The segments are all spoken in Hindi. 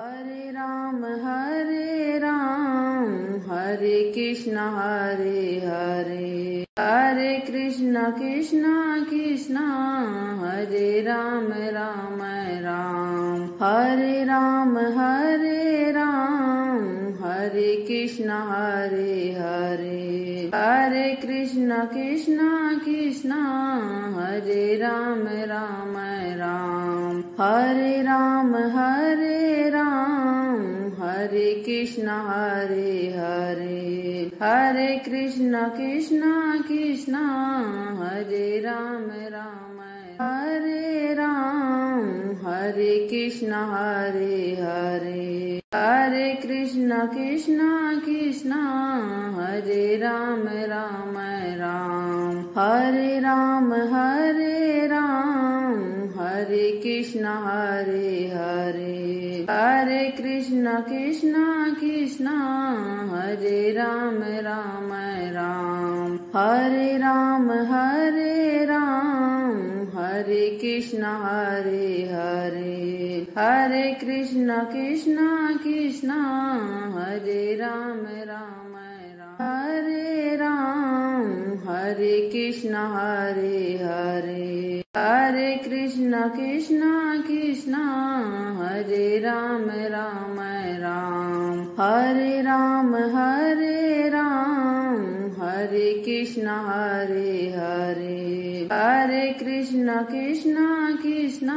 हरे राम हरे राम हरे कृष्ण हरे हरे हरे कृष्ण कृष्ण कृष्ण हरे राम राम राम हरे राम हरे राम हरे कृष्ण हरे हरे हरे कृष्ण कृष्ण कृष्ण हरे राम राम राम हरे राम हरे राम हरे कृष्ण हरे हरे हरे कृष्ण कृष्ण कृष्ण हरे राम राम हरे राम हरे कृष्ण हरे हरे हरे कृष्ण कृष्ण कृष्ण हरे राम राम राम हरे राम हरे राम हरे कृष्ण हरे हरे हरे कृष्ण कृष्ण कृष्ण हरे राम राम राम हरे राम हरे राम हरे कृष्ण हरे हरे हरे कृष्ण कृष्ण कृष्ण हरे राम राम राम हरे राम हरे कृष्ण हरे हरे हरे कृष्ण कृष्ण कृष्ण हरे राम राम राम हरे राम हरे राम हरे कृष्ण हरे हरे हरे कृष्ण कृष्ण कृष्ण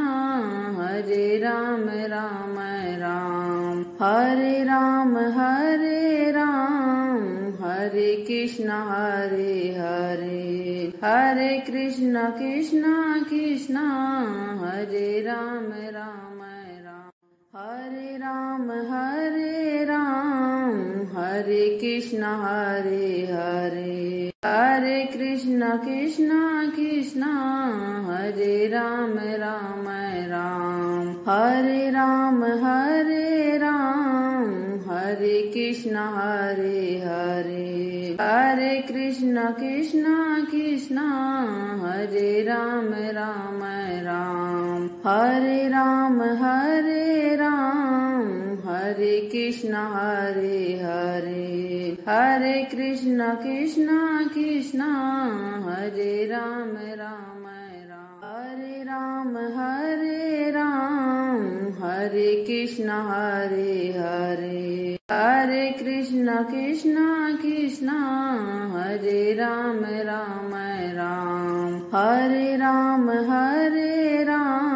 हरे राम राम राम हरे राम हरे राम हरे कृष्ण हरे हरे हरे कृष्ण कृष्ण कृष्ण हरे राम राम राम हरे राम हरे राम हरे कृष्ण हरे हरे हरे कृष्ण कृष्ण कृष्ण हरे राम राम राम हरे राम हरे राम हरे कृष्ण हरे हरे हरे कृष्ण कृष्ण कृष्ण हरे राम राम राम हरे राम हरे राम हरे कृष्ण हरे हरे हरे कृष्ण कृष्ण कृष्ण हरे राम राम राम हरे राम हरे राम हरे कृष्ण हरे हरे हरे कृष्ण कृष्ण कृष्ण हरे राम राम राम हरे राम हरे राम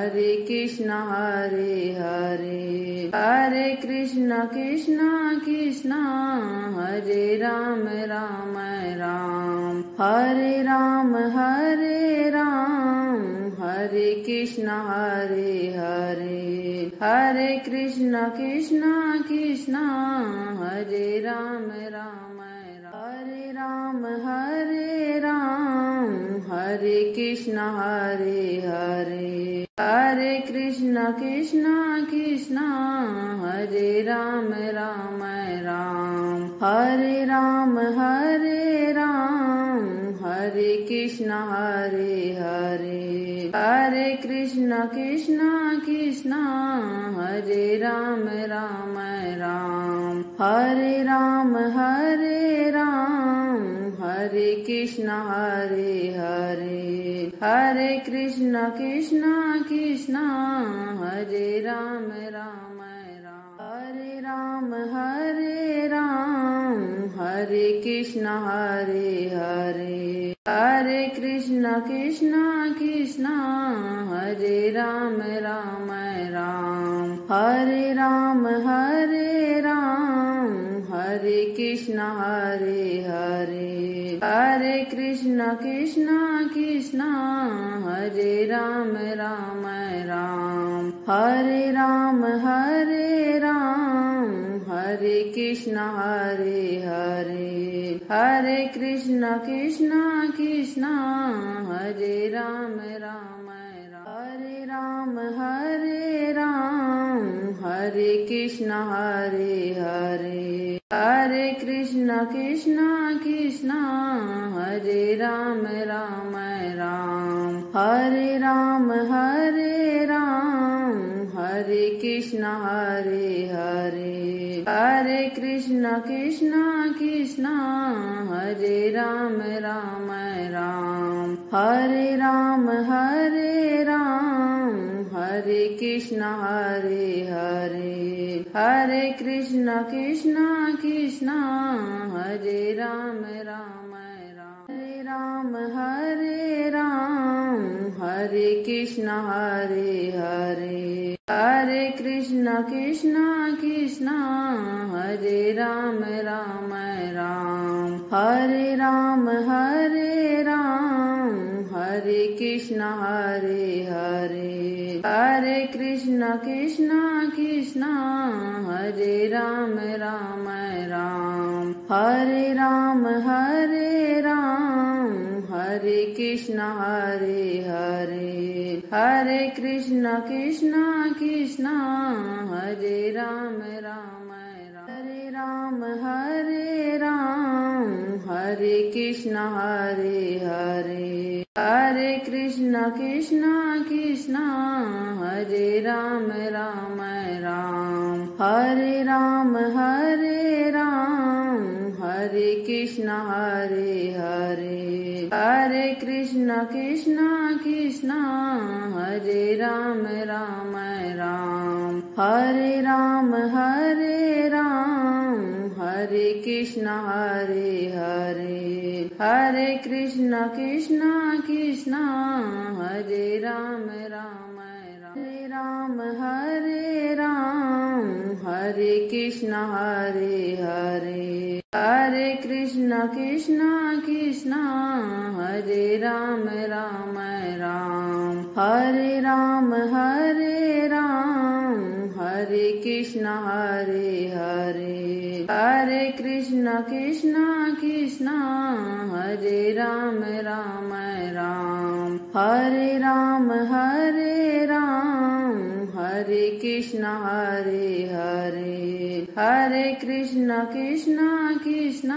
हरे कृष्ण हरे हरे हरे कृष्ण कृष्ण कृष्ण हरे राम राम राम हरे राम हरे राम हरे कृष्ण हरे हरे हरे कृष्ण कृष्ण कृष्ण हरे राम राम हरे राम हरे राम हरे कृष्ण हरे हरे हरे कृष्ण कृष्ण कृष्ण हरे राम राम राम हरे राम हरे राम हरे कृष्ण हरे हरे हरे कृष्ण कृष्ण कृष्ण हरे राम राम राम हरे राम हरे राम हरे कृष्ण हरे हरे हरे कृष्ण कृष्ण कृष्ण हरे राम राम राम हरे राम हरे राम हरे कृष्ण हरे हरे हरे कृष्ण कृष्ण कृष्ण हरे राम राम राम हरे राम हरे राम हरे कृष्ण हरे हरे हरे कृष्ण कृष्ण कृष्ण हरे राम राम राम हरे राम हरे राम हरे कृष्ण हरे हरे हरे कृष्ण कृष्ण कृष्ण हरे राम राम हरे राम हरे राम हरे कृष्ण हरे हरे हरे कृष्ण कृष्ण कृष्ण हरे राम राम राम हरे राम हरे राम हरे कृष्ण हरे हरे हरे कृष्ण कृष्ण कृष्ण हरे राम राम राम हरे राम हरे राम हरे कृष्ण हरे हरे हरे कृष्ण कृष्ण कृष्ण हरे राम राम हरे राम हरे राम हरे कृष्ण हरे हरे हरे कृष्ण कृष्ण कृष्ण हरे राम राम राम हरे राम हरे राम हरे कृष्ण हरे हरे हरे कृष्ण कृष्ण कृष्ण हरे राम राम राम हरे राम हरे राम हरे कृष्ण हरे हरे हरे कृष्ण कृष्ण कृष्ण हरे राम राम हरे राम हरे राम हरे कृष्ण हरे हरे हरे कृष्ण कृष्ण कृष्ण हरे राम राम राम हरे राम हरे राम हरे कृष्ण हरे हरे हरे कृष्ण कृष्ण कृष्ण हरे राम राम राम हरे राम हरे राम हरे कृष्ण हरे हरे हरे कृष्ण कृष्ण कृष्ण हरे राम राम राम हरे राम हरे कृष्ण हरे हरे हरे कृष्ण कृष्ण कृष्ण हरे राम राम राम हरे राम हरे राम हरे कृष्ण हरे हरे हरे कृष्ण कृष्ण कृष्ण हरे राम राम राम हरे राम हरे राम हरे कृष्ण हरे हरे हरे कृष्ण कृष्ण कृष्ण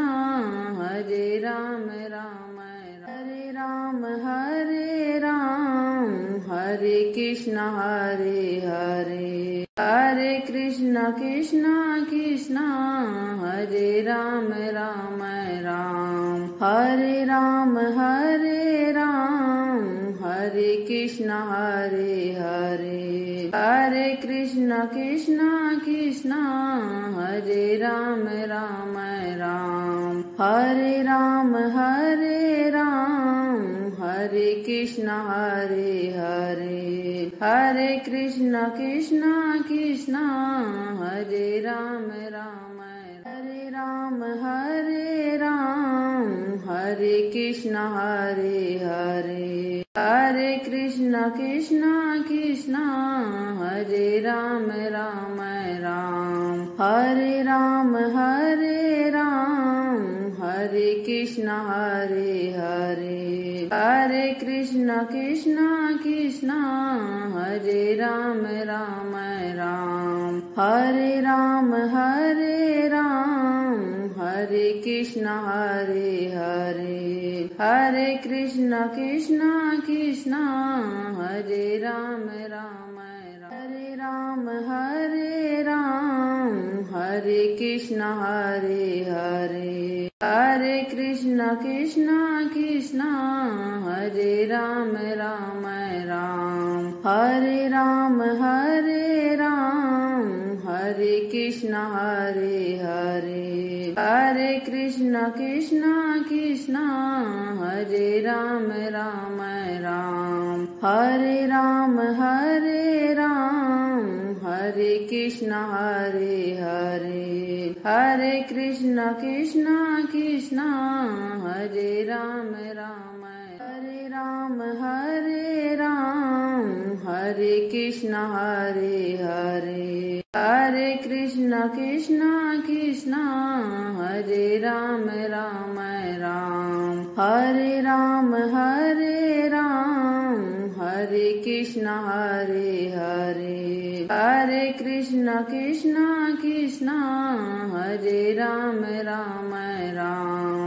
हरे राम राम हरे राम हरे राम हरे कृष्ण हरे हरे हरे कृष्ण कृष्ण कृष्ण हरे राम राम राम हरे राम हरे राम हरे कृष्ण हरे हरे हरे कृष्ण कृष्ण कृष्ण हरे राम राम राम हरे राम हरे राम हरे कृष्ण हरे हरे हरे कृष्ण कृष्ण कृष्ण हरे राम राम हरे राम हरे राम हरे कृष्ण हरे हरे कृष्ण कृष्ण कृष्ण हरे राम राम राम हरे राम हरे राम हरे कृष्ण हरे हरे हरे कृष्ण कृष्ण कृष्ण हरे राम राम राम हरे राम हरे राम हरे कृष्ण हरे हरे हरे कृष्ण कृष्ण कृष्ण हरे राम राम हरे राम हरे राम हरे कृष्ण हरे हरे हरे कृष्ण कृष्ण कृष्ण हरे राम राम राम हरे राम हरे राम हरे कृष्ण हरे हरे हरे कृष्ण कृष्ण कृष्ण हरे राम राम राम हरे राम हरे राम हरे कृष्ण हरे हरे हरे कृष्ण कृष्ण कृष्ण हरे राम राम राम हरे राम हरे कृष्ण हरे हरे हरे कृष्ण कृष्ण कृष्ण हरे राम राम राम हरे राम हरे राम हरे कृष्ण हरे हरे हरे कृष्ण कृष्ण कृष्ण हरे राम राम राम